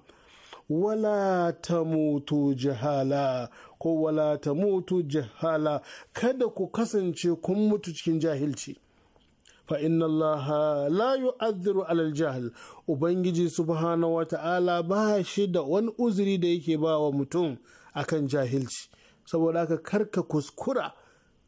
S7: wala ta mutu jihala, ko wala ta mutu jihala, kada ku kasance kun mutu cikin jahilci fa inna Allah la yu'adhdhiru alal jahl ubangiji subhanahu ta'ala ba shi da wani uzuri da yake ba wa mutum akan jahilci saboda haka karka kuskura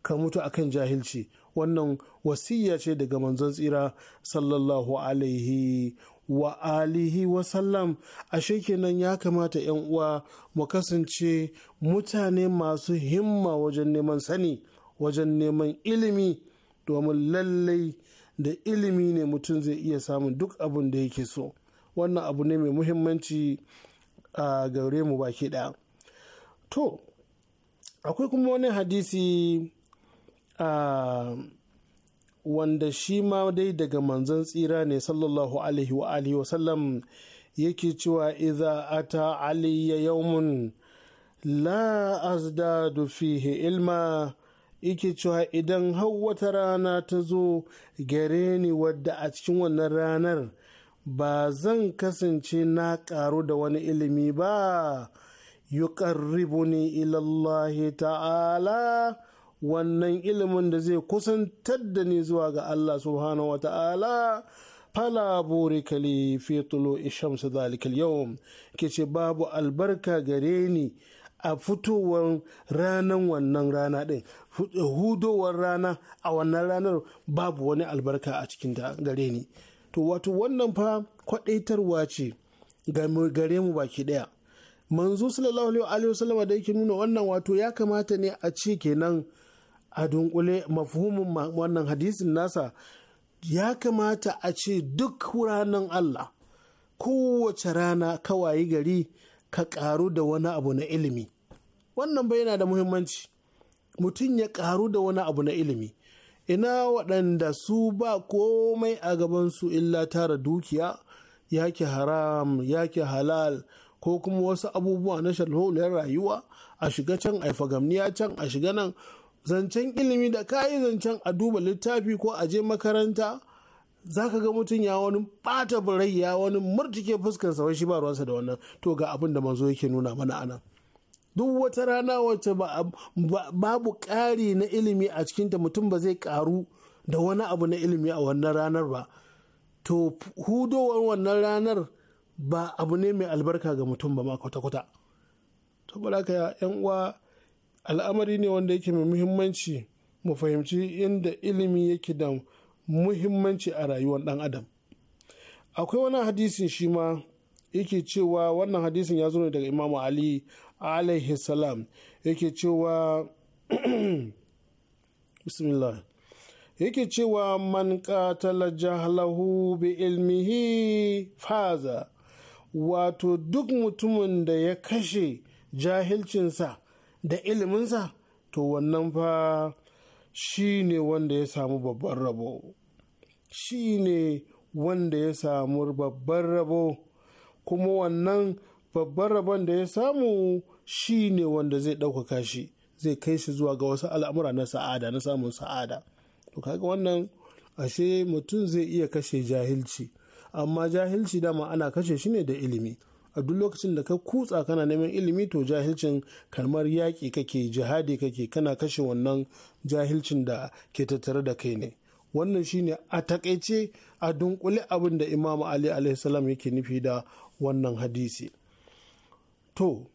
S7: ka mutu akan jahilci wannan wasiya ce daga manzon tsira sallallahu alaihi wa alihi wasallam ashe kenan ya kamata 'yan uwa mu kasance mutane masu himma wajen neman sani wajen neman ilimi domin lallai da ilimi ne mutum zai iya samun duk abin da yake so wannan abu ne mai muhimmanci a gaure mu baki ɗaya to akwai kuma wani hadisi wanda shi ma dai daga manzon tsira ne sallallahu alaihi wa alihi sallam yake cewa iza ata aliyya yawmun la azdadu fihi ilma yake cewa idan hau wata rana ta zo gare ni wadda a cikin wannan ranar ba zan kasance na ƙaru da wani ilimi ba ni ilallahi ta'ala wannan ilimin da zai kusantar da ni zuwa ga Allah subhanahu wata'ala fala burikali fi tulu'i shamsu zalikal yawm ce babu albarka gare ni a fitowar ranar wannan rana din hudowar rana a wannan ranar babu wani albarka a cikin gare ni to wato wannan fa kwadaitarwa ce gare mu baki daya manzo sallallahu alaihi wasallam da yake nuna wannan wato ya kamata ne a ce kenan a dunkule mafhumin wannan hadisin nasa ya kamata a ce duk ranar Allah kowace rana kawai gari ka karu da wani abu na ilimi wannan bai yana da muhimmanci mutum ya karu da wani abu na ilimi ina waɗanda su ba komai a gaban su illa tara dukiya yake haram yake halal ko kuma wasu abubuwa na shalholiyar rayuwa a shiga can a fagamniya can a shiga nan zancen ilimi da ka yi zancen a duba littafi ko a je makaranta za ka ga mutum ya wani ɓata birai ya wani murtuke fuskarsa wai shi ba ruwansa da wannan to ga abin da manzo yake nuna mana anan duk wata rana wacce babu ƙari na ilimi a cikinta mutum ba zai ƙaru da wani abu na ilimi a wannan ranar ba to hudowar wannan ranar ba abu ne mai albarka ga mutum ba ma kwata-kwata ka haka yan uwa al'amari ne wanda yake mai muhimmanci mu fahimci inda ilimi yake da muhimmanci a rayuwar dan adam akwai wani hadisin shi ma yake cewa wannan hadisin ya zo ne daga imamu ali alaihi salam yake cewa bismillah yake cewa man katala jahlahu bi ilmihi faza wato duk mutumin da ya kashe jahilcinsa da iliminsa to wannan fa shi ne wanda ya samu babban rabo shi ne wanda ya samu babban rabo kuma wannan babban rabon da ya samu shi ne wanda zai ɗaukaka shi zai kai shi zuwa ga wasu al'amura na sa'ada na samun sa'ada to kaga wannan ashe mutum zai iya kashe jahilci amma jahilci dama ana kashe shi ne da ilimi a duk lokacin da ka kutsa kana neman ilimi to jahilcin kalmar yaƙi kake jihadi kake kana kashe wannan jahilcin da ke tattare da kai ne wannan shine a takaice a dunkule abin da imamu ali alaihissalam yake nufi da wannan hadisi to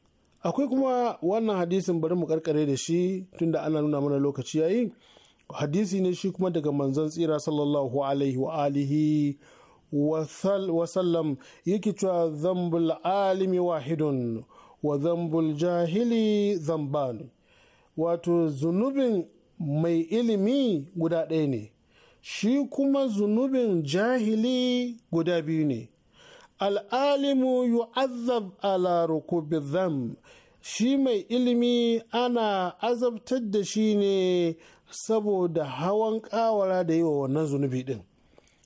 S7: akwai kuma wannan hadisin bari mu karkare da shi tunda ana nuna mana lokaci yayi hadisi ne shi kuma daga manzon tsira sallallahu alaihi wa alihi wasallam yake cewa zambul alimi wahidun wa zambul jahili zamban wato zunubin mai ilimi guda ɗaya ne shi kuma zunubin jahili guda biyu ne al'alimu yu'azzab ala rukubi zam shi mai ilimi ana azabtar da shi ne saboda hawan ƙawara da yi wa wannan zunubi ɗin.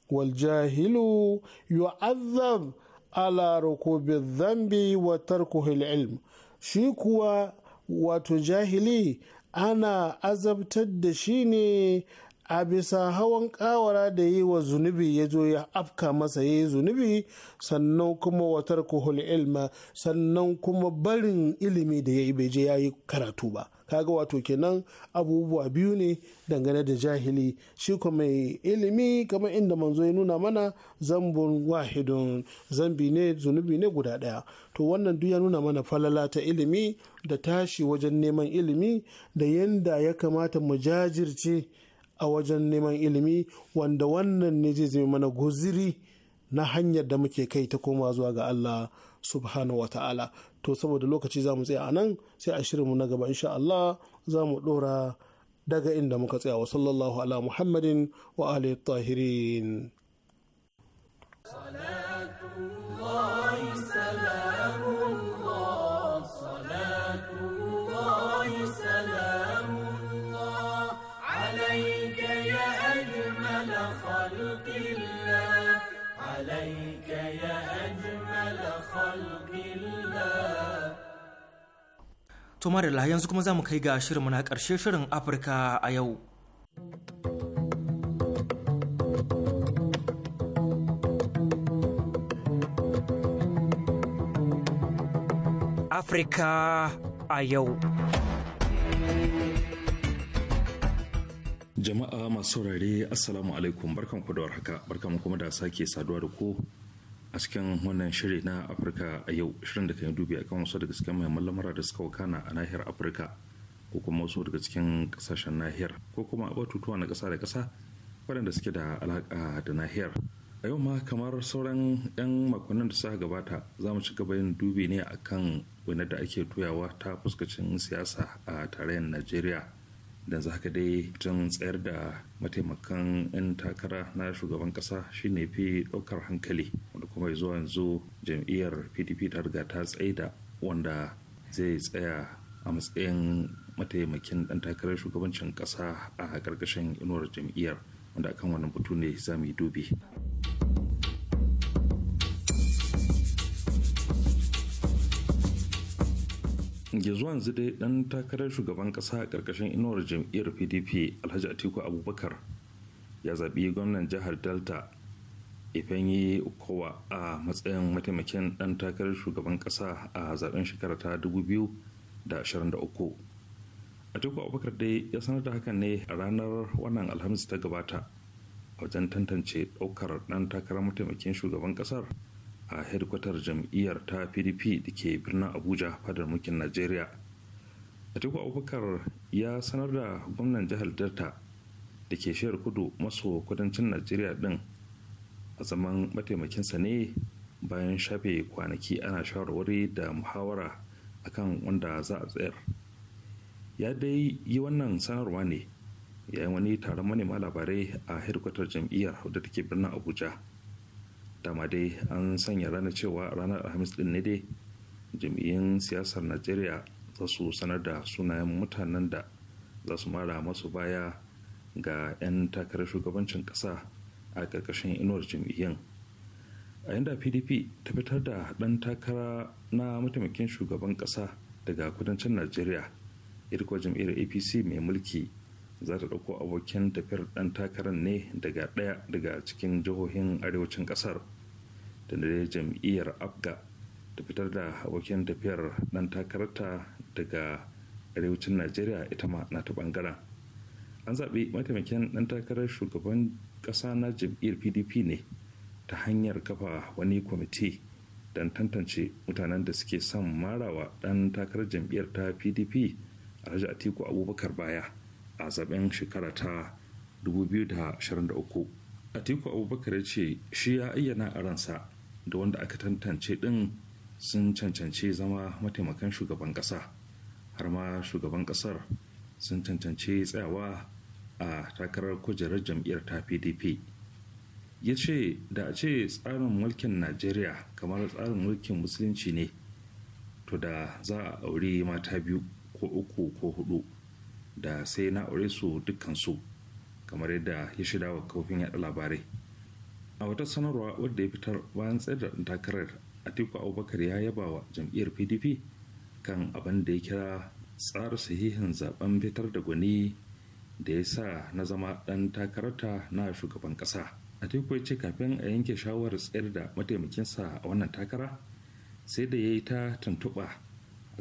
S7: waljahilu yu'azzab ala rukubi zambi wa tarkuhil ilm shi kuwa wato jahili ana azabtar da shi ne a bisa hawan kawara da yi wa zunubi ya zo ya afka masa ya yi zunubi sannan kuma watar kuhul ilma sannan kuma barin ilimi da ya yi bai je ya yi karatu ba kaga wato kenan abubuwa biyu ne dangane da jahili shi ko mai ilimi kamar inda manzo ya nuna mana zambun wahidun zambi ne zunubi ne guda ɗaya to wannan duk ya nuna mana falala ta ilimi da tashi wajen neman ilimi da yanda ya kamata mu jajirce a wajen neman ilimi wanda wannan ne zai zama mana guziri na hanyar da muke kai ta koma zuwa ga Allah subhanahu wa ta'ala. to saboda lokaci za mu tsaya a nan sai a shirinmu na gaba insha Allah za mu ɗora daga inda muka tsaya wa sallallahu ala muhammadin wa alihi tahirin.
S1: To Marilla yanzu kuma za mu kai ga shirinmu na ƙarshe shirin Afirka a yau. Afirka a yau.
S2: Jama'a masu saurare Assalamu alaikum ku da warhaka barkan kuma da sake saduwa da ku a cikin wannan shiri na afirka a yau shirin da ka yi dubi akan wasu daga cikin mai mallamara da suka wakana a nahiyar afirka ko kuma wasu daga cikin kasashen nahiyar ko kuma batutuwa na kasa da kasa waɗanda suke da alaƙa da nahiyar a yau ma kamar sauran 'yan makonnin da suka gabata za mu ci gaba yin dubi ne akan wani da ake tuyawa ta fuskacin siyasa a tarayyar najeriya da za ka dai tun tsayar da mataimakan 'yan takara na shugaban kasa shine fi daukar hankali wanda kuma zuwa yanzu jam'iyyar pdp ta riga ta tsaida wanda zai tsaya a matsayin mataimakin dan takarar shugabancin kasa a karkashin inuwar jam'iyyar wanda akan wannan batu ne za mu yi dubi. ya dai dan takarar shugaban kasa karkashin inuwar jam'iyyar pdp alhaji atiku abubakar ya zaɓi gwamnan jihar delta ifeanyi kowa a matsayin mataimakin dan takarar shugaban kasa a zaben shekara ta 2023 atiku abubakar dai ya sanar da hakan ne a ranar wannan alhamis ta gabata a wajen tantance daukar dan takarar mataimakin shugaban kasar a hedkwatar jam'iyyar ta pdp da ke birnin abuja fadar mulkin najeriya atiku abubakar ya sanar da gwamnan jihar delta da ke shayar kudu maso kudancin najeriya din a zaman mataimakinsa ne bayan shafe kwanaki ana shawarwari da muhawara akan wanda za a tsayar ya dai yi wannan sanarwa ne yayin wani taron manema labarai a hedkwatar jam'iyyar da take birnin abuja dama dai an sanya ranar cewa ranar alhamis din ne dai jami'in siyasar najeriya za su sanar da sunayen mutanen da za su mara masu baya ga 'yan takarar shugabancin kasa a ƙarƙashin inuwar jami'in. a yadda pdp ta fitar da ɗan takara na mataimakin shugaban ƙasa daga kudancin najeriya irko jam'iyyar apc mai mulki za ta ɗauko abokin tafiyar ɗan takarar ne daga ɗaya daga cikin jihohin arewacin ƙasar da na jam'iyyar Afga ta fitar da abokin tafiyar dan takararta daga arewacin najeriya ita ma na ta bangaren an zaɓi mataimakin dan takarar shugaban ƙasa na jam'iyyar pdp ne ta hanyar kafa wani kwamiti don tantance mutanen da suke son marawa dan takarar jam'iyyar ta pdp alhaji atiku abubakar baya a zaben shekara ta 2023 atiku abubakar ya ce shi ya ayyana a ransa da wanda aka tantance ɗin sun cancanci zama mataimakan shugaban ƙasa har ma shugaban ƙasar sun cancanci tsayawa a takarar kujerar jam'iyyar ta pdp ya ce da a ce tsarin mulkin najeriya kamar tsarin mulkin musulunci ne to da za a aure mata biyu ko uku ko hudu da sai na aure su su kamar yadda ya shida wa kafin yada labarai a wata sanarwa wadda ya fitar bayan tsayar da takarar atiku abubakar ya yaba wa jam'iyyar pdp kan abin da ya kira tsara sahihin zaben fitar da gwani da ya sa na zama ɗan takararta na shugaban ƙasa atiku ya ce kafin a yanke shawarar tsayar da mataimakinsa a wannan takara sai da ya yi ta tuntuɓa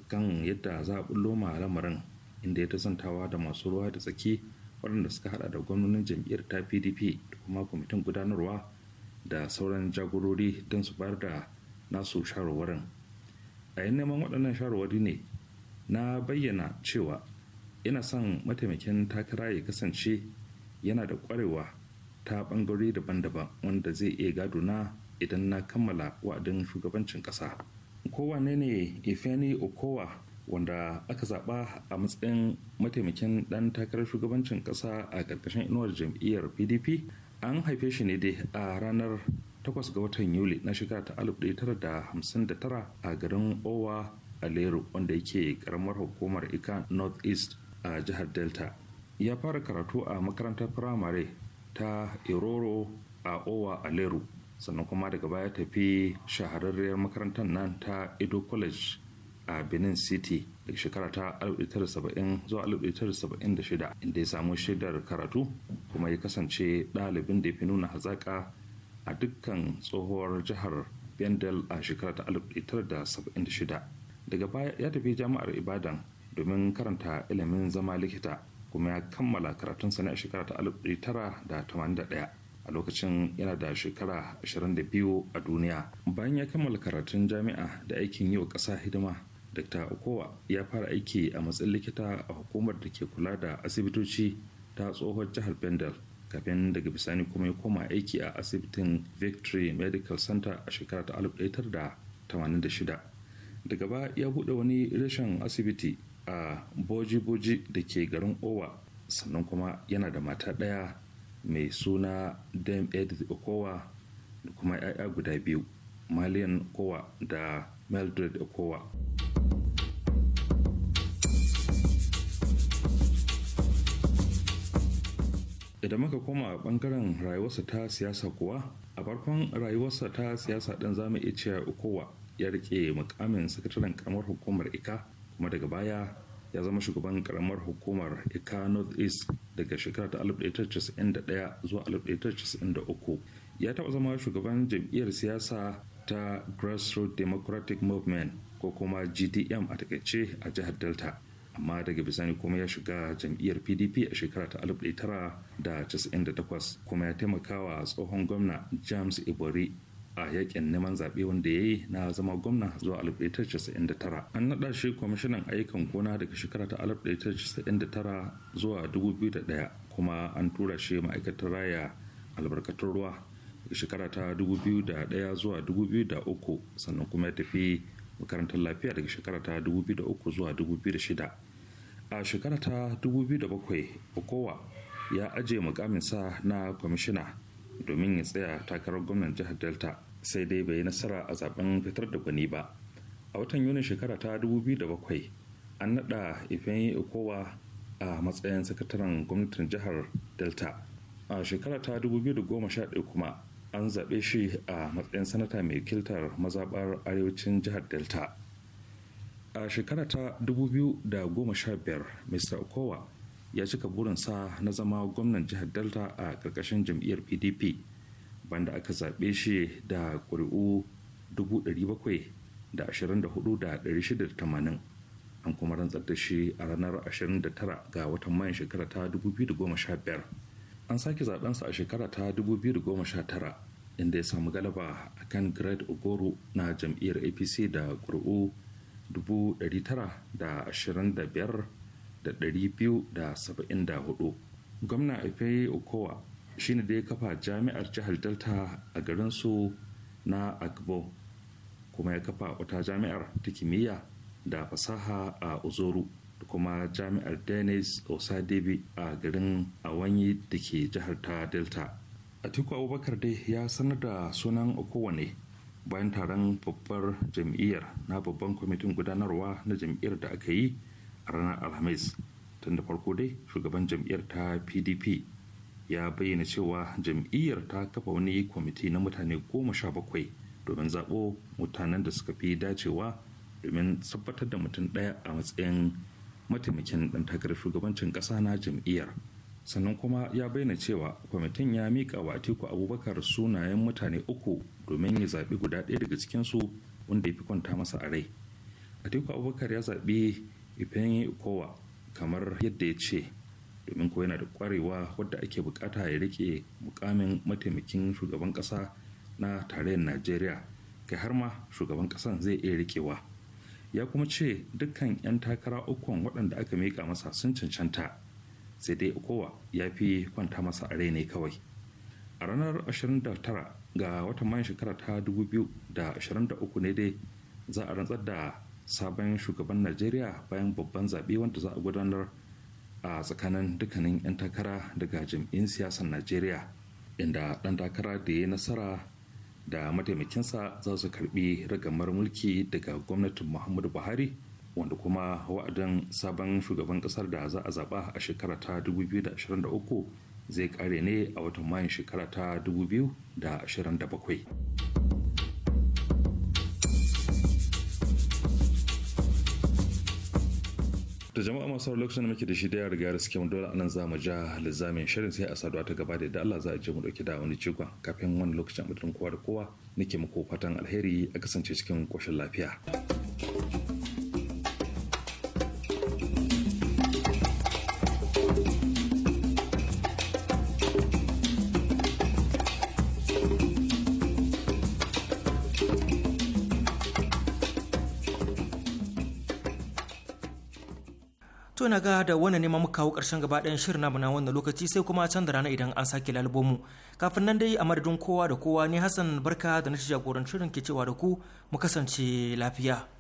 S2: kan yadda za a bullo ma lamarin inda ya ta zantawa da masu ruwa da tsaki waɗanda suka hada da gwamnonin jam'iyyar ta pdp da kuma kwamitin gudanarwa da sauran jagorori don su bayar da nasu shawarwarin a yin neman waɗannan shawarwari ne na bayyana cewa ina son mataimakin takara ya kasance yana da ƙwarewa ta ɓangare daban-daban wanda zai iya gado na idan na kammala wa'adin shugabancin ƙasa ne ne ifeni okowa wanda aka zaɓa a matsayin mataimakin ɗan takarar shugabancin ƙasa a ƙarƙashin inuwar jam'iyyar pdp an haife shi ne dai a ranar 8 ga watan yuli na shekara ta 1959 a garin owa a lero wanda yake karamar hukumar ika north east a jihar delta ya fara karatu a makarantar firamare ta iroro a owa a lero sannan kuma daga baya tafi shahararriyar makarantar nan ta edo college a benin city daga shekara ta 1970 zuwa 1976 inda ya samu shaidar karatu kuma ya kasance ɗalibin da ya fi nuna hazaƙa a dukkan tsohuwar jihar bendel a shekara ta 1976 daga baya ya tafi jami'ar ibadan domin karanta ilimin zama likita kuma ya kammala karatunsa ne a shekara ta 1981 a lokacin yana da shekara 22 a duniya bayan ya kammala karatun jami'a da aikin yi wa ƙasa hidima dr okowa ya fara aiki a matsayin likita a hukumar da ke kula da asibitoci ta tsohon jihar bendel kafin daga bisani kuma ya koma aiki a asibitin victory medical center a shekara ta 1986 daga ba ya buɗe wani rashin asibiti a boji-boji da ke garin owa sannan kuma yana da mata ɗaya mai suna dame edith okowa da kuma 'ya'ya guda biyu malian kowa da mildred okowa idan muka koma a bangaren rayuwarsa ta siyasa kuwa a farkon rayuwarsa ta siyasa din za mu iya cewa ukowa ya rike mukamin sakataren karamar hukumar ika kuma daga baya ya zama shugaban karamar hukumar ika north east daga shekara ta 1991 zuwa 1993 ya taɓa zama shugaban jam'iyyar siyasa ta grassroots democratic movement ko kuma gdm a takaice a jihar delta amma daga bisani kuma ya shiga jam'iyyar pdp a shekara ta 1998 kuma ya taimakawa tsohon gwamna james ibori a yakin neman zaɓe wanda ya yi na zama gwamna zuwa 1999 an naɗa shi kwamishinan ayyukan gona daga shekara ta 1999 zuwa 2001 kuma an tura shi ma'aikatar raya albarkatun ruwa daga shekara ta 2001 zuwa 2003 sannan kuma ya tafi makarantar lafiya daga shekara ta 2003 zuwa 2006 a shekara ta 2007 okowa ya ajiye mukaminsa na kwamishina domin ya tsaya takarar gwamnan jihar delta sai dai bai yi nasara a zaben fitar da gwani ba a watan yunin shekara ta 2007 an nada ifeanyi okowa a matsayin sakataren gwamnatin jihar delta a shekara ta 2011 kuma an zaɓe shi a matsayin sanata mai kiltar mazaɓar arewacin jihar delta a shekara ta 2015 mr okowa ya cika burinsa na zama gwamnan jihar delta a ƙarƙashin jam'iyyar pdp banda aka zaɓe shi da ƙuri'u 724,680 an kuma rantsar da shi a ranar 29 ga watan mayan shekara ta 2015 an sake zaɓensa a shekara ta 2019 inda ya samu galaba a kan grade ogoro na jam'iyyar apc da ƙuri'u 925,274 gwamna ife okowa shine da ya kafa jami'ar jihar delta a garinsu na agbo kuma ya kafa wata jami'ar ta kimiyya da fasaha a ozoru da kuma jami'ar dennis osadebe a garin awanyi da ke jihar ta delta atiku abubakar dai ya sanar da sunan okowa ne bayan taron babbar jam'iyyar na babban kwamitin gudanarwa na jam'iyyar da aka yi a ranar alhamis tun da farko dai shugaban jam'iyyar ta pdp ya bayyana cewa jam'iyyar ta kafa wani kwamiti na mutane goma sha bakwai domin zaɓo mutanen da suka fi dacewa domin tabbatar da mutum ɗaya a matsayin mataimakin ɗan takarar shugabancin ƙasa na jam'iyyar sannan kuma ya bayyana cewa kwamitin ya mika wa atiku abubakar sunayen mutane uku domin ya zaɓi guda ɗaya daga cikinsu wanda ya fi kwanta masa a rai atiku abubakar ya zaɓi ifeanyi kowa kamar yadda ya ce domin ko yana da kwarewa wadda ake bukata ya rike mukamin mataimakin shugaban ƙasa na tarayyar najeriya kai har ma shugaban ƙasan zai iya rikewa ya kuma ce dukkan 'yan takara ukun waɗanda aka mika masa sun cancanta sai dai okowa ya fi kwanta masa a rai ne kawai a ranar 29 ga watan mayan shekara ta 2023 ne dai za a rantsar da sabon shugaban najeriya bayan babban zaɓe wanda za a gudanar a tsakanin dukkanin 'yan takara daga jam'in siyasar najeriya inda ɗan takara da ya nasara da mataimakinsa za su karbi ragamar mulki daga gwamnatin muhammadu buhari wanda kuma wa'adin sabon shugaban kasar da za a zaba a shekara ta 2023 zai kare ne a watan mayan shekara ta 2027 da jama'a masu lokacin da muke da shi da ya riga da suke dole anan za mu ja lizamin shirin sai a saduwa ta gaba da Allah za a je mu dauki da wani jigon kafin wani lokacin mutum kowa da kowa nake muku fatan alheri a kasance cikin koshin lafiya.
S1: na ga da wannan ne muka kawo karshen gaba ɗayan shirin namu na wannan lokaci sai kuma can da rana idan an sake lalbomu kafin nan dai a madadin kowa da kowa ne Hassan barka da na jagoran shirin ke cewa da ku mu kasance lafiya